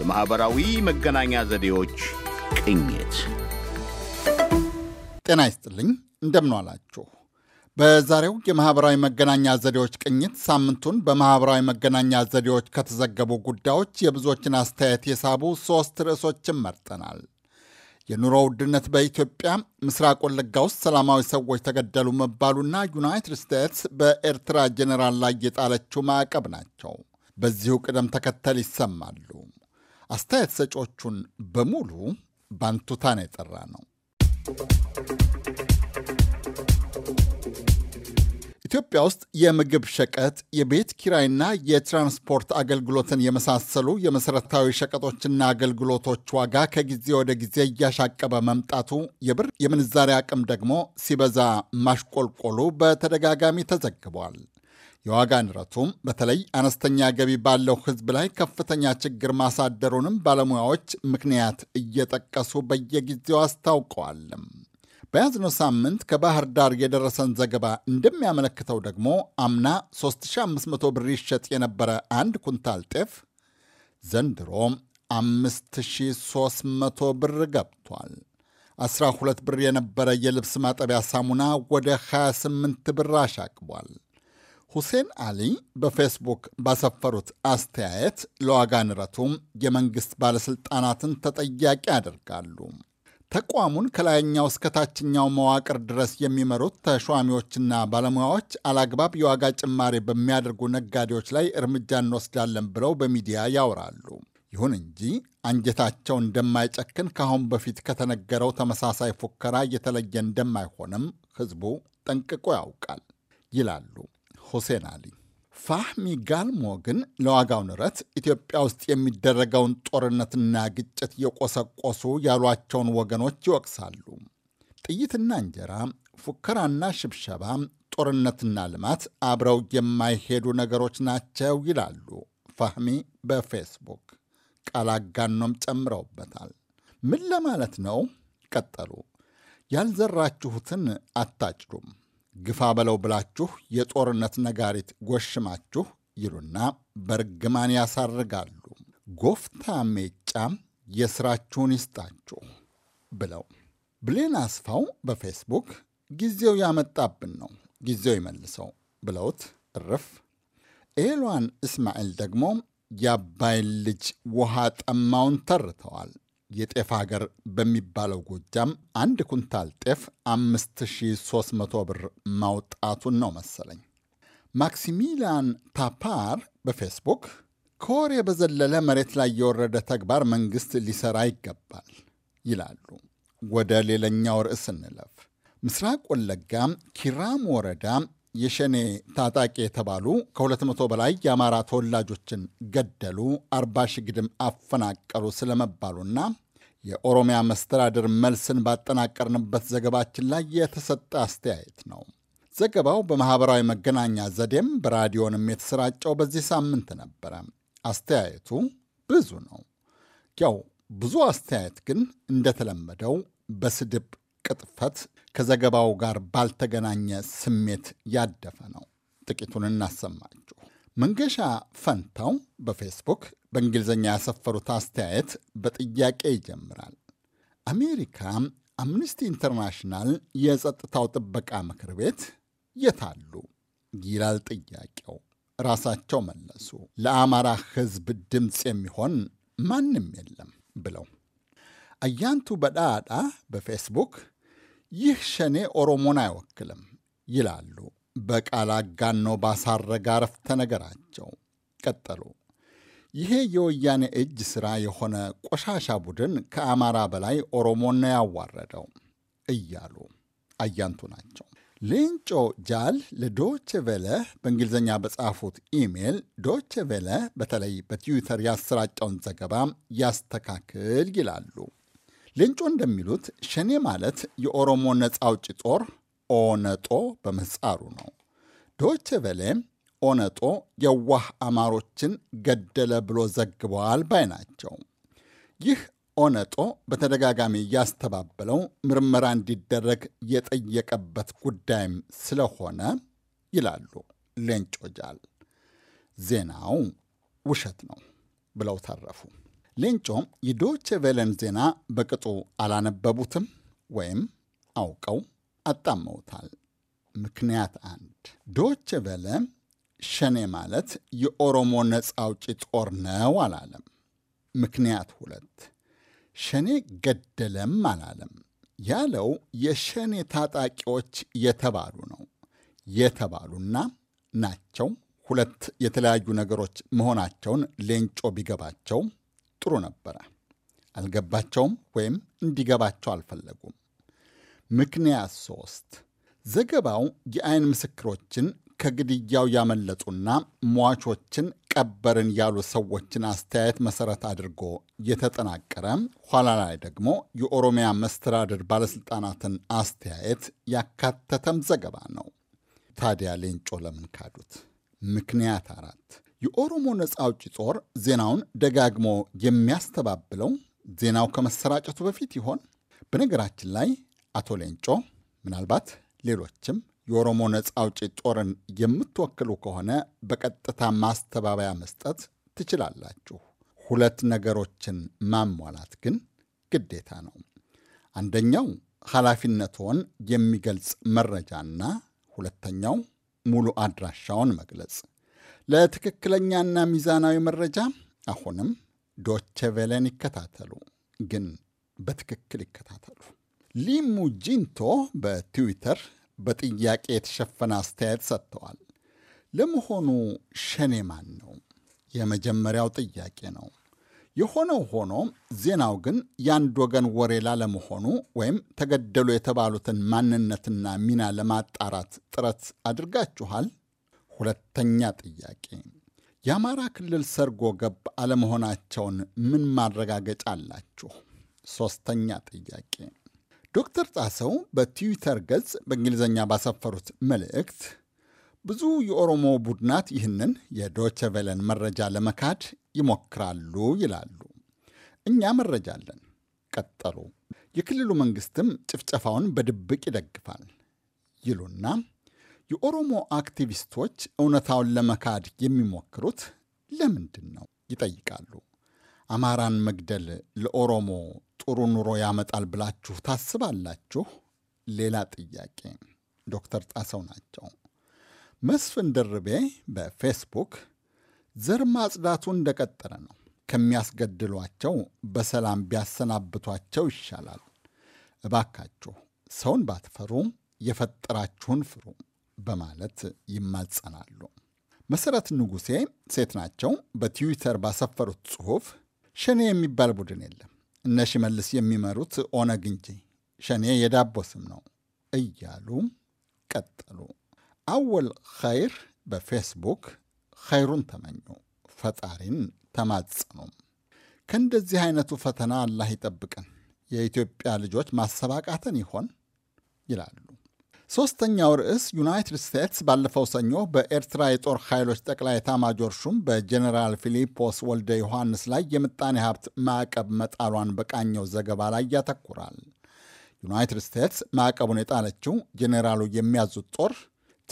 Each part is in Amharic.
የማኅበራዊ መገናኛ ዘዴዎች ቅኝት። ጤና ይስጥልኝ፣ እንደምንዋላችሁ። በዛሬው የማኅበራዊ መገናኛ ዘዴዎች ቅኝት ሳምንቱን በማኅበራዊ መገናኛ ዘዴዎች ከተዘገቡ ጉዳዮች የብዙዎችን አስተያየት የሳቡ ሦስት ርዕሶችን መርጠናል። የኑሮ ውድነት በኢትዮጵያ፣ ምስራቅ ወለጋ ውስጥ ሰላማዊ ሰዎች ተገደሉ መባሉና ዩናይትድ ስቴትስ በኤርትራ ጄኔራል ላይ የጣለችው ማዕቀብ ናቸው። በዚሁ ቅደም ተከተል ይሰማሉ። አስተያየት ሰጮቹን በሙሉ ባንቱታን የጠራ ነው። ኢትዮጵያ ውስጥ የምግብ ሸቀጥ፣ የቤት ኪራይና የትራንስፖርት አገልግሎትን የመሳሰሉ የመሠረታዊ ሸቀጦችና አገልግሎቶች ዋጋ ከጊዜ ወደ ጊዜ እያሻቀበ መምጣቱ፣ የብር የምንዛሪ አቅም ደግሞ ሲበዛ ማሽቆልቆሉ በተደጋጋሚ ተዘግቧል። የዋጋ ንረቱም በተለይ አነስተኛ ገቢ ባለው ሕዝብ ላይ ከፍተኛ ችግር ማሳደሩንም ባለሙያዎች ምክንያት እየጠቀሱ በየጊዜው አስታውቀዋል። በያዝነው ሳምንት ከባህር ዳር የደረሰን ዘገባ እንደሚያመለክተው ደግሞ አምና 3500 ብር ይሸጥ የነበረ አንድ ኩንታል ጤፍ ዘንድሮም 5300 ብር ገብቷል። 12 ብር የነበረ የልብስ ማጠቢያ ሳሙና ወደ 28 ብር አሻቅቧል። ሁሴን አሊ በፌስቡክ ባሰፈሩት አስተያየት ለዋጋ ንረቱም የመንግሥት ባለሥልጣናትን ተጠያቂ ያደርጋሉ። ተቋሙን ከላይኛው እስከ ታችኛው መዋቅር ድረስ የሚመሩት ተሿሚዎችና ባለሙያዎች አላግባብ የዋጋ ጭማሪ በሚያደርጉ ነጋዴዎች ላይ እርምጃ እንወስዳለን ብለው በሚዲያ ያወራሉ። ይሁን እንጂ አንጀታቸው እንደማይጨክን ከአሁን በፊት ከተነገረው ተመሳሳይ ፉከራ እየተለየ እንደማይሆንም ሕዝቡ ጠንቅቆ ያውቃል ይላሉ። ሁሴን አሊ። ፋህሚ ጋልሞ ግን ለዋጋው ንረት ኢትዮጵያ ውስጥ የሚደረገውን ጦርነትና ግጭት የቆሰቆሱ ያሏቸውን ወገኖች ይወቅሳሉ። ጥይትና እንጀራ፣ ፉከራና ሽብሸባ፣ ጦርነትና ልማት አብረው የማይሄዱ ነገሮች ናቸው ይላሉ ፋህሚ በፌስቡክ ቃል አጋኖም ጨምረውበታል። ምን ለማለት ነው? ቀጠሉ። ያልዘራችሁትን አታጭዱም ግፋ በለው ብላችሁ የጦርነት ነጋሪት ጎሽማችሁ ይሉና በርግማን ያሳርጋሉ። ጎፍታ ሜጫም የስራችሁን ይስጣችሁ ብለው ብሌን አስፋው በፌስቡክ ጊዜው ያመጣብን ነው ጊዜው ይመልሰው ብለውት እርፍ። ኤሏን እስማኤል ደግሞ የአባይን ልጅ ውሃ ጠማውን ተርተዋል። የጤፍ ሀገር በሚባለው ጎጃም አንድ ኩንታል ጤፍ 5300 ብር ማውጣቱን ነው መሰለኝ። ማክሲሚሊያን ታፓር በፌስቡክ ከወሬ በዘለለ መሬት ላይ የወረደ ተግባር መንግሥት ሊሰራ ይገባል ይላሉ። ወደ ሌላኛው ርዕስ እንለፍ። ምስራቅ ወለጋ ኪራም ወረዳ የሸኔ ታጣቂ የተባሉ ከ200 በላይ የአማራ ተወላጆችን ገደሉ፣ 40 ሺህ ግድም አፈናቀሉ ስለመባሉና የኦሮሚያ መስተዳድር መልስን ባጠናቀርንበት ዘገባችን ላይ የተሰጠ አስተያየት ነው። ዘገባው በማኅበራዊ መገናኛ ዘዴም በራዲዮንም የተሰራጨው በዚህ ሳምንት ነበረ። አስተያየቱ ብዙ ነው። ያው ብዙ አስተያየት ግን እንደተለመደው በስድብ ቅጥፈት ከዘገባው ጋር ባልተገናኘ ስሜት ያደፈ ነው። ጥቂቱን እናሰማችሁ። መንገሻ ፈንታው በፌስቡክ በእንግሊዝኛ ያሰፈሩት አስተያየት በጥያቄ ይጀምራል። አሜሪካ አምነስቲ ኢንተርናሽናል የጸጥታው ጥበቃ ምክር ቤት የታሉ ይላል ጥያቄው። ራሳቸው መለሱ፣ ለአማራ ሕዝብ ድምፅ የሚሆን ማንም የለም ብለው። አያንቱ በዳዳ በፌስቡክ ይህ ሸኔ ኦሮሞን አይወክልም ይላሉ በቃል አጋኖ ባሳረገ አረፍተ ነገራቸው። ቀጠሉ። ይሄ የወያኔ እጅ ሥራ የሆነ ቆሻሻ ቡድን ከአማራ በላይ ኦሮሞን ነው ያዋረደው እያሉ አያንቱ ናቸው። ሌንጮ ጃል ለዶች ቬለ በእንግሊዝኛ በጻፉት ኢሜል ዶች ቬለ በተለይ በትዊተር ያሰራጨውን ዘገባ ያስተካክል ይላሉ። ሌንጮ እንደሚሉት ሸኔ ማለት የኦሮሞ ነፃ አውጪ ጦር ኦነጦ በምህጻሩ ነው። ዶች ቬሌ ኦነጦ የዋህ አማሮችን ገደለ ብሎ ዘግበዋል ባይ ናቸው። ይህ ኦነጦ በተደጋጋሚ እያስተባበለው ምርመራ እንዲደረግ የጠየቀበት ጉዳይም ስለሆነ ይላሉ ሌንጮ ጃል። ዜናው ውሸት ነው ብለው ታረፉ። ሌንጮም የዶቼ ቬለን ዜና በቅጡ አላነበቡትም ወይም አውቀው አጣመውታል። ምክንያት አንድ ዶቼ ቬለ ሸኔ ማለት የኦሮሞ ነፃ አውጪ ጦር ነው አላለም። ምክንያት ሁለት ሸኔ ገደለም አላለም። ያለው የሸኔ ታጣቂዎች የተባሉ ነው። የተባሉና ናቸው ሁለት የተለያዩ ነገሮች መሆናቸውን ሌንጮ ቢገባቸው ጥሩ ነበረ። አልገባቸውም ወይም እንዲገባቸው አልፈለጉም። ምክንያት ሶስት ዘገባው የአይን ምስክሮችን ከግድያው ያመለጡና ሟቾችን ቀበርን ያሉ ሰዎችን አስተያየት መሰረት አድርጎ የተጠናቀረ ኋላ ላይ ደግሞ የኦሮሚያ መስተዳድር ባለሥልጣናትን አስተያየት ያካተተም ዘገባ ነው። ታዲያ ሌንጮ ለምን ካዱት? ምክንያት አራት የኦሮሞ ነፃ አውጪ ጦር ዜናውን ደጋግሞ የሚያስተባብለው ዜናው ከመሰራጨቱ በፊት ይሆን? በነገራችን ላይ አቶ ሌንጮ ምናልባት ሌሎችም የኦሮሞ ነፃ አውጪ ጦርን የምትወክሉ ከሆነ በቀጥታ ማስተባበያ መስጠት ትችላላችሁ። ሁለት ነገሮችን ማሟላት ግን ግዴታ ነው። አንደኛው ኃላፊነትዎን የሚገልጽ መረጃና ሁለተኛው ሙሉ አድራሻውን መግለጽ። ለትክክለኛና ሚዛናዊ መረጃ አሁንም ዶቸቬለን ይከታተሉ፣ ግን በትክክል ይከታተሉ። ሊሙ ጂንቶ በትዊተር በጥያቄ የተሸፈነ አስተያየት ሰጥተዋል። ለመሆኑ ሸኔ ማን ነው? የመጀመሪያው ጥያቄ ነው። የሆነው ሆኖ ዜናው ግን የአንድ ወገን ወሬ ላለመሆኑ ወይም ተገደሉ የተባሉትን ማንነትና ሚና ለማጣራት ጥረት አድርጋችኋል? ሁለተኛ ጥያቄ የአማራ ክልል ሰርጎ ገብ አለመሆናቸውን ምን ማረጋገጫ አላችሁ? ሶስተኛ ጥያቄ ዶክተር ጣሰው በትዊተር ገጽ በእንግሊዝኛ ባሰፈሩት መልእክት ብዙ የኦሮሞ ቡድናት ይህንን የዶቸቬለን መረጃ ለመካድ ይሞክራሉ ይላሉ። እኛ መረጃ አለን። ቀጠሉ። የክልሉ መንግስትም ጭፍጨፋውን በድብቅ ይደግፋል ይሉና የኦሮሞ አክቲቪስቶች እውነታውን ለመካድ የሚሞክሩት ለምንድን ነው ይጠይቃሉ። አማራን መግደል ለኦሮሞ ጥሩ ኑሮ ያመጣል ብላችሁ ታስባላችሁ? ሌላ ጥያቄ። ዶክተር ጣሰው ናቸው። መስፍን ድርቤ በፌስቡክ ዘር ማጽዳቱ እንደቀጠለ ነው። ከሚያስገድሏቸው በሰላም ቢያሰናብቷቸው ይሻላል። እባካችሁ ሰውን ባትፈሩ የፈጠራችሁን ፍሩ። በማለት ይማጸናሉ። መሰረት ንጉሴ ሴት ናቸው። በትዊተር ባሰፈሩት ጽሑፍ ሸኔ የሚባል ቡድን የለም፣ እነ ሽመልስ የሚመሩት ኦነግ እንጂ ሸኔ የዳቦ ስም ነው እያሉ ቀጠሉ። አወል ኸይር በፌስቡክ ኸይሩን ተመኙ፣ ፈጣሪን ተማጸኑ። ከእንደዚህ አይነቱ ፈተና አላህ ይጠብቀን። የኢትዮጵያ ልጆች ማሰባቃተን ይሆን ይላሉ። ሶስተኛው ርዕስ ዩናይትድ ስቴትስ ባለፈው ሰኞ በኤርትራ የጦር ኃይሎች ጠቅላይ ታማጆር ሹም በጀኔራል ፊሊፖስ ወልደ ዮሐንስ ላይ የምጣኔ ሀብት ማዕቀብ መጣሏን በቃኘው ዘገባ ላይ ያተኩራል። ዩናይትድ ስቴትስ ማዕቀቡን የጣለችው ጄኔራሉ የሚያዙት ጦር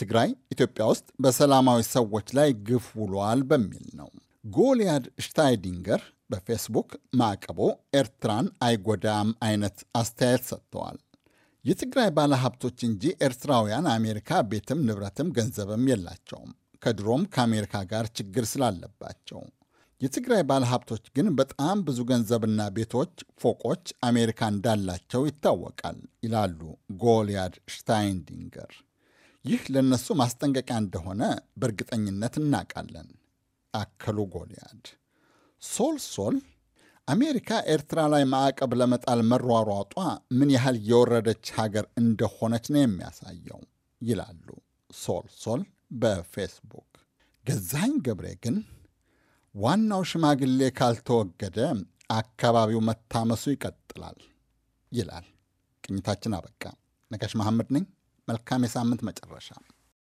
ትግራይ፣ ኢትዮጵያ ውስጥ በሰላማዊ ሰዎች ላይ ግፍ ውሏል በሚል ነው። ጎልያድ ሽታይዲንገር በፌስቡክ ማዕቀቡ ኤርትራን አይጎዳም አይነት አስተያየት ሰጥተዋል። የትግራይ ባለሀብቶች እንጂ ኤርትራውያን አሜሪካ ቤትም ንብረትም ገንዘብም የላቸውም። ከድሮም ከአሜሪካ ጋር ችግር ስላለባቸው የትግራይ ባለሀብቶች ግን በጣም ብዙ ገንዘብና ቤቶች፣ ፎቆች አሜሪካ እንዳላቸው ይታወቃል ይላሉ ጎልያድ ሽታይንዲንገር። ይህ ለእነሱ ማስጠንቀቂያ እንደሆነ በእርግጠኝነት እናውቃለን አከሉ ጎልያድ ሶል ሶል አሜሪካ ኤርትራ ላይ ማዕቀብ ለመጣል መሯሯጧ ምን ያህል የወረደች ሀገር እንደሆነች ነው የሚያሳየው ይላሉ ሶል ሶል በፌስቡክ። ገዛኝ ገብሬ ግን ዋናው ሽማግሌ ካልተወገደ አካባቢው መታመሱ ይቀጥላል ይላል። ቅኝታችን አበቃ። ነጋሽ መሐመድ ነኝ። መልካም የሳምንት መጨረሻ